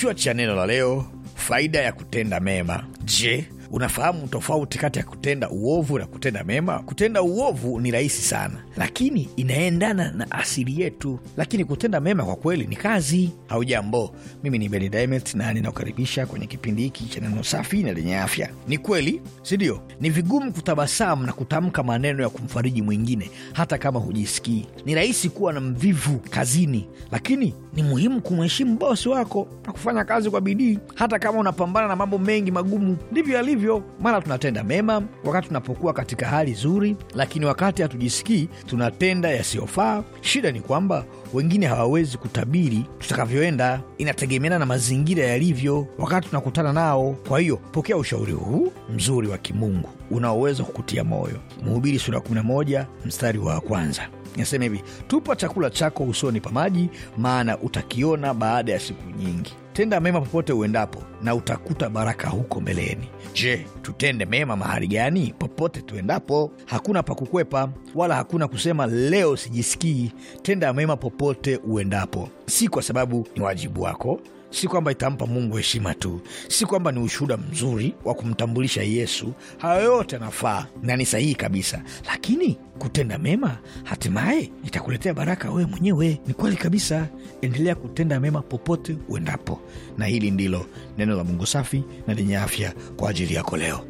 Kichwa cha neno la leo, faida ya kutenda mema. Je, unafahamu tofauti kati ya kutenda uovu na kutenda mema. Kutenda uovu ni rahisi sana, lakini inaendana na asili yetu, lakini kutenda mema kwa kweli ni kazi. Haujambo, mimi ni Ben Dimet na ninakukaribisha kwenye kipindi hiki cha neno safi na lenye afya. Ni kweli, sindio? Ni vigumu kutabasamu na kutamka maneno ya kumfariji mwingine hata kama hujisikii. Ni rahisi kuwa na mvivu kazini, lakini ni muhimu kumheshimu bosi wako na kufanya kazi kwa bidii, hata kama unapambana na mambo mengi magumu. Ndivyo alivyo hivyo, mara tunatenda mema wakati tunapokuwa katika hali nzuri, lakini wakati hatujisikii tunatenda yasiyofaa. Shida ni kwamba wengine hawawezi kutabiri tutakavyoenda, inategemeana na mazingira yalivyo wakati tunakutana nao. Kwa hiyo pokea ushauri huu mzuri wa kimungu unaoweza kukutia moyo. Mhubiri sura 11 mstari wa kwanza nasema hivi: tupa chakula chako usoni pa maji, maana utakiona baada ya siku nyingi tenda mema popote uendapo na utakuta baraka huko mbeleni. Je, tutende mema mahali gani? Popote tuendapo, hakuna pa kukwepa, wala hakuna kusema leo sijisikii. Tenda mema popote uendapo, si kwa sababu ni wajibu wako si kwamba itampa Mungu heshima tu, si kwamba ni ushuhuda mzuri wa kumtambulisha Yesu. Hayo yote anafaa na ni sahihi kabisa, lakini kutenda mema hatimaye itakuletea baraka wewe mwenyewe. Ni kweli kabisa, endelea kutenda mema popote uendapo, na hili ndilo neno la Mungu safi na lenye afya kwa ajili yako leo.